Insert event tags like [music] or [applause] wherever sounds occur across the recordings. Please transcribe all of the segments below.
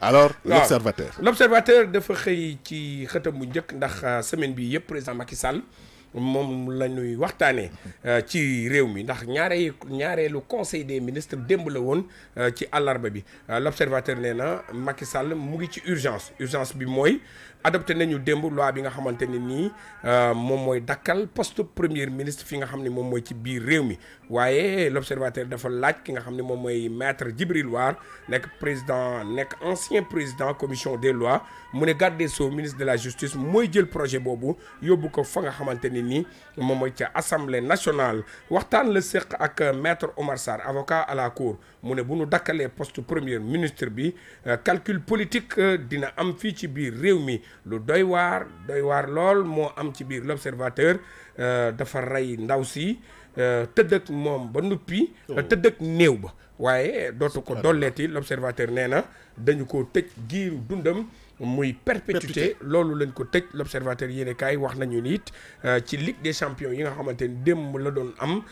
alors l'observateur l'observateur dafa xëy ci xëtam bu njëkk ndax euh, semaine bi yëpp président Macky Sall moom la ñuy waxtaanee euh, ci réew mi ndax ñaaree ñaareelu conseil des ministres démb la woon euh, ci àllarba bi euh, l'observateur nee na Macky Sall mu ngi ci urgence urgence bi mooy adopté nañu démb loi bi nga xamante ne nii moom mooy dakkal poste premier ministre fi nga xam ne moom mooy ci biir réew mi waaye l'observateur dafa laaj ki nga xam ne moom mooy maître Djibril War nekk président nekk ancien président commission de lois mu ne garde des sceaux ministre de la justice mooy jël projet boobu ni nii moom mooy ca assemblée nationale waxtaan la séq ak maître Omar Sarr avocat à la cour mu ne bu nu dakkalee poste premier ministre bi euh, calcul politique euh, dina am fii ci biir réew mi lu doy waar doy waar lool moo am ci biir l'observateur euh, dafa rey ndaw si Euh, tëdd ak moom ba nuppi oh. euh, tëdd néew ba waaye dootu ko dolleeti l'observateur nee na dañu ko tëj giiru dundam muy perpétuité loolu lañ ko tëj l'observateur yéene kaay wax nañu ni it euh, ci ligue des champions yi nga xamante ni démb la doon am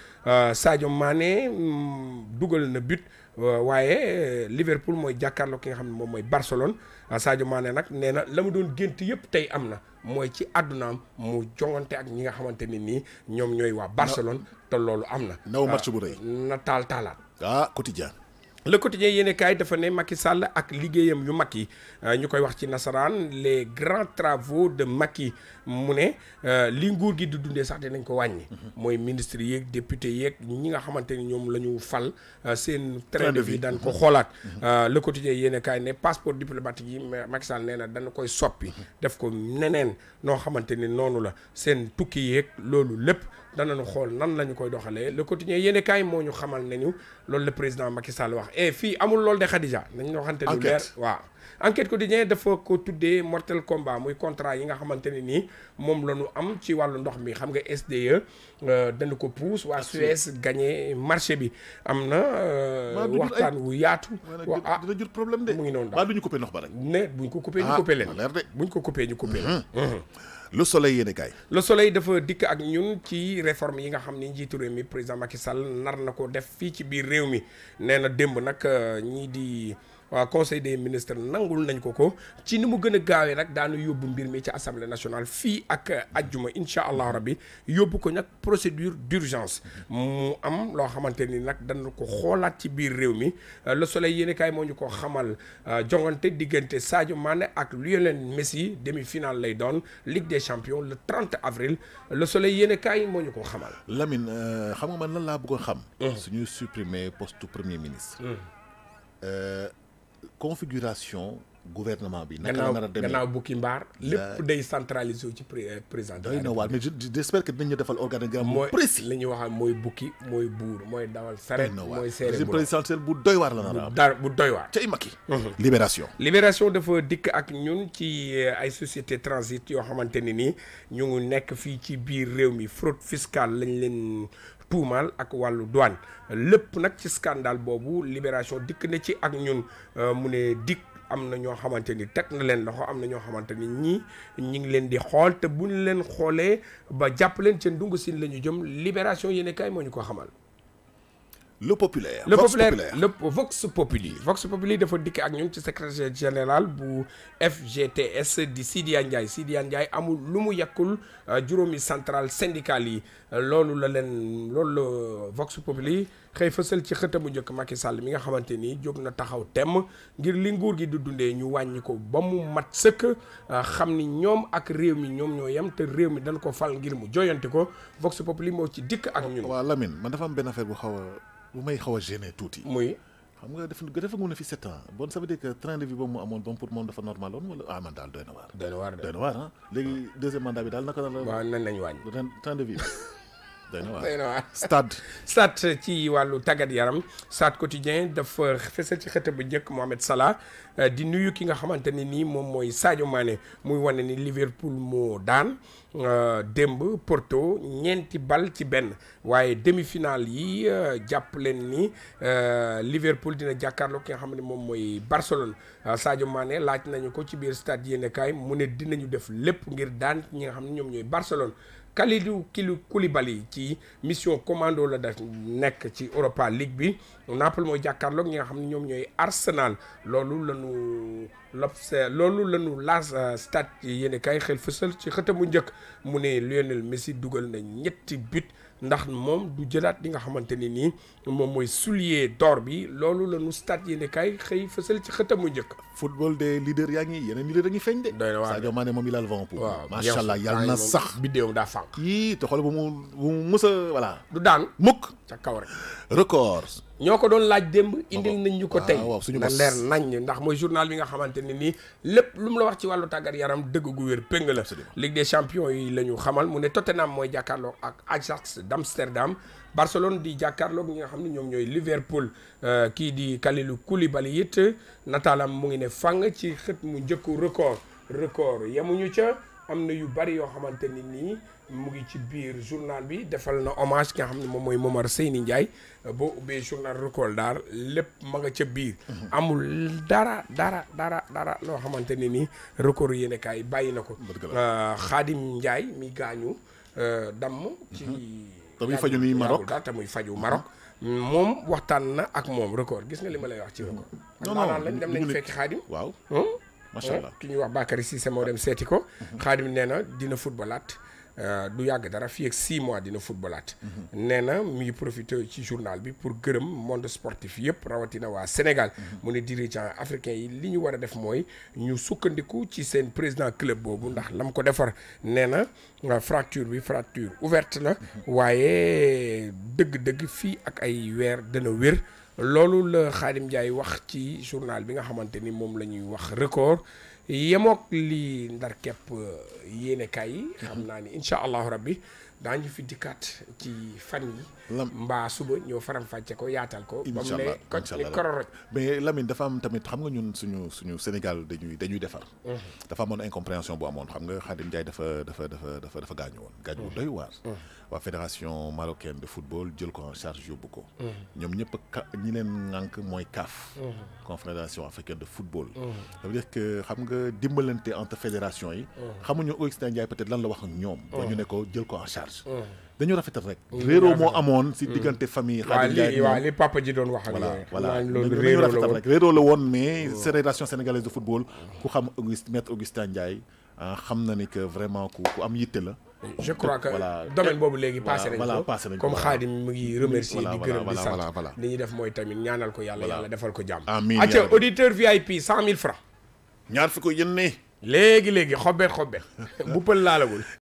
Sadio Mané mm, dugal na bit Euh, waaye euh, Liverpool mooy jàkkaarloo ki nga xam ne moom mooy Barcelone euh, Sadio Mané nag nee na la mu doon gént yëpp tey am na mooy ci àddunaam mu jongante ak ñi nga xamante ni nii ñoom ñooy waa Barcelone te loolu am na. naw match bu rëy na taal taalaat. ah quotidien Le quotidien yéene kaay dafa ne Macky sàll ak liggéeyam yu mag yi euh, ñu koy wax ci nasaraan les grands travaux de Macky mu ne euh, li nguur gi di dundee sax dinañ ko wàññi. Mhm. mooy ministre yeeg député yeeg ñi nga xamante ni ñoom la ñu fal euh, seen. train de vie daan ko xoolaat. Mhm. Le quotidien yéene kaay ne passeport diplomatique yi Macky Sall nee na dana koy soppi. Mhm. def ko neneen noo xamante ni noonu la seen tukki yeeg loolu lépp. danañu xool nan la ñu koy doxalee le quotidien yéen kaay moo ñu xamal ñu loolu la président Macky Sall wax et fii amul loolu de Khadija nañ waxante lu leer waaw enquête quotidien dafa ko tuddee mortel combat muy contrat yi nga xamante ne nii moom la ñu am ci wàllu ndox mi xam nga SDE euh, dana ko pousse waa Suez gagné marché bi am na euh, waxtaan wu yaatu wax ah dina jur problème de mu ngi noonu daal duñu coupé ndox ba rek ne buñ ko coupé ah, buñ ko coupé ñu coupé leen mm-hmm. Mm-hmm. le soleil yéen kaay le soleil dafa dikk ak ñun ci réforme yi nga xam ni njiitu réew mi président Macky Sall nar na ko def fii ci biir réew mi nee na démb nag euh, ñii di. waa conseil des ministres nangul nañ ko ko ci ni mu gën a gaawee nag daanu yóbbu mbir mi ci assemblée nationale fii ak ajjuma incha allah rabbi yóbbu ko nag procédure d'urgence mu am loo xamante ni nag dana ko xoolaat ci biir réew mi le soleil yéen kaay moo ñu ko xamal jongante diggante Sadio Mané ak Lionel Messi demi-finale lay doon Ligue des champions le 30 avril le soleil yéen kaay moo ñu ko xamal. Lamine euh, xam nga man lan laa bëggoon xam. suñu supprimer poste premier ministre. configuration gouvernement bi. naka nar a demee gannaaw bukki mbaar. lépp day centralisé wu ci euh, président. doy na waar mais j' espère que dinañu defal organigramme bu précis. li ñuy mooy bukki mooy buur mooy dawal saret mooy seere présidentielle bu doy waar la nar a am. daar bu doy waar. cay Macky. Mhm. libération. libération dafa dikk ak ñun ci euh, ay société transit yoo xamante ne nii ñu ngi nekk fii ci biir réew mi fraude fiscale lañ leen. tuumaal ak wàllu douane lépp nag ci skandaal boobu libération dikk na ci ak ñun euh, mu ne dikk am na ñoo xamante ni teg na leen loxo am na ñoo xamante ni ñii ñi ngi leen di xool te bu ñu leen xoolee ba jàpp leen ca ndungu siin la ñu jëm libération yéen kaay moo ñu ko xamal. le populaire le populaire le Vox Populi Vox Populi dafa dikk ak ñun ci secrétaire général bu FGTS di Sidia Ndiaye Sidia Ndiaye amul lu mu yàkkul euh, juróomi central syndical yi euh, loolu la leen loolu la Vox Populi xëy fësal ci xëta mu njëkk Macky sàll mi nga xamante ni jóg na taxaw temm ngir li nguur gi di dundee ñu wàññi ko ba mu mat sëkk euh, xam ni ñoom ak réew mi ñoom ñoo yem te réew mi dañ ko fal ngir mu jooyante ko Vox Populi moo ci dikk ak ñun. waaw Lamine man dafa am benn affaire bu xaw a bu may xaw a gêner tuuti. muy xam nga def defaguñu na fi sept ans bon ça veut dire que train de vie boobu mu amoon bon pour moom dafa normal woon wala ah, daal doy na waar. doy na waar ah léegi deuxième mandat bi daal naka la. waaw nan lañ wàññi. [laughs] day na waar stade [laughs] stade ci wàllu tàggat yaram stade quotidien dafa fesal ci xëta bu njëkk Mohamed Salah euh, di nuyu ki nga xamante ne nii moom mooy Sadio Mané muy wane ni Liverpool moo daan euh, démb Porto ñeenti bal ci benn waaye demi-finale yi euh, jàpp leen ni Liverpool dina jàkkaarloo ki nga xam ne moom mooy Barcelone Sadio maane laaj nañu ko ci biir stade yéenekaay mu ne dinañu def lépp ngir daan ñi nga xam ne ñoom ñooy Barcelone Kalidou Koulibaly ci mission commando la def nekk ci Europa League bi Naples mooy jàkkaarloog ñi nga xam ne ñoom ñooy Arsenal loolu la ñu loolu la ñu laas euh, stade yéen kay xel fësal ci xëtamu njëkk mu ne Lionel Messi dugal na ñetti bit ndax moom du jëlaat li nga xamante ni nii moom mooy soulier d'or bi loolu la ñu stade yéene kaay xëy fësal ci xëtam mu njëkk. football des leaders yaa ngi yeneen leaders a ngi feeñ de. doy na waar Sadio Mané moom il a le vent en poupe. waaw macha allah yàlla na sax. biddéewam daa fànq. yii te xool bu mu bu mu mës a voilà. du daan mukk. ca kaw rek. record. ñoo ko doon laaj démb ah, indil ah, nañ ñu ko tey na leer nañ ndax mooy journal bi nga xamante ne nii lépp lu mu la wax ci wàllu tàggat yaram dëgg gu wér péng la Ligue des champions yi la ñu xamal mu ne Tottenham mooy jàkkaarloo ak Ajax d'Amsterdam Barcelone di jàkkaarloog ñi nga xam ne ñoom ñooy Liverpool euh, kii di Kalilou Koulibaly it nataalam mu ngi ne fang ci xët mu njëkku record record yemuñu ca am na yu bari yoo xamante ni nii mu ngi ci biir journal bi defal na hommage ki nga xam ne moom mooy Momar Seyni Ndiaye euh, boo ubbee journal Record daal lépp ma nga ca biir. Mhm. amul dara dara dara dara loo xamante ne ni Record yéenekaay bàyyi na ko. Xaadim euh, Ndiaye mi gaañu euh, damm. ci mhm. tamuy faju nii Maroc daal tamuy faju moom waxtaan na ak moom Record gis nga li ma lay wax ci Record. Mhm. non lañ dem nañ fekk waaw. Hmm? macha hmm? allah ki ñuy wax Bakary Cissé moo dem seeti ko. Xaadim nee na dina footballaat. Euh, du yàgg dara fii ak 6 mois dina footballaat. Mhm. nee na mi ngi profité ci journal bi pour gërëm monde sportif yëpp rawatina waa Sénégal. Mhm. mu ne dirigeant africain yi li ñu war a def mooy ñu sukkandiku ci seen président club boobu mhm. ndax lam ko defar nee na euh, fracture bi fracture ouverte la. waaye dëgg-dëgg fii ak ay weer dana wér. loolu la xaalim Ndiaye wax ci journal bi nga xamante ni moom la ñuy wax record. yemook li ndar képp yéene kaay yi. Mm-hmm. xam naa ni incha allahu rabbi. daañu fi dikkaat ci fan yi. mbaa suba ñoo faram-fàcce ko yaatal ko. incha allah ba mu ne ko kororoj mais Lamine dafa am tamit xam nga ñun suñu suñu Sénégal dañuy dañuy defar. Mm-hmm. dafa amoon incompréhension bu amoon xam nga Khadim Ndiaye dafa dafa dafa dafa dafa gaañu woon. gaañu wu mm-hmm. doy waar. Mm-hmm. waa fédération marocaine de football jël ko en charge yóbbu ko. ñoom ñëpp ka ñi leen ŋànk mooy CAF. confédération africaine de football. ça dire que xam nga dimbalante entre fédération yi. xamuñu Augustin Ndiaye peut-être lan la wax ak jël ko en charge. charge. Mm. dañu rafetal rek. Mm. réeroo moo amoon si mm. diggante famille. xaaral jaay waaw li papa ji doon wax ak yooyu. voilà woon rafetal rek réeroo la woon mais. fédération sénégalaise de football. ku xam Auguste maître Augustin Ndiaye ah, xam na ni que vraiment ku am yitte la. je crois que domaine boobu léegi passé nañ ko comme xaadim mu ngi remercier di gërëm di sant li ñuy def mooy tamit ñaanal ko yàlla yàlla defal ko jàmm amiin acca auditeur VIP cent mille francs ñaar fi ko yënnee léegi léegi xobbet xobbet [laughs] bu pël laalagul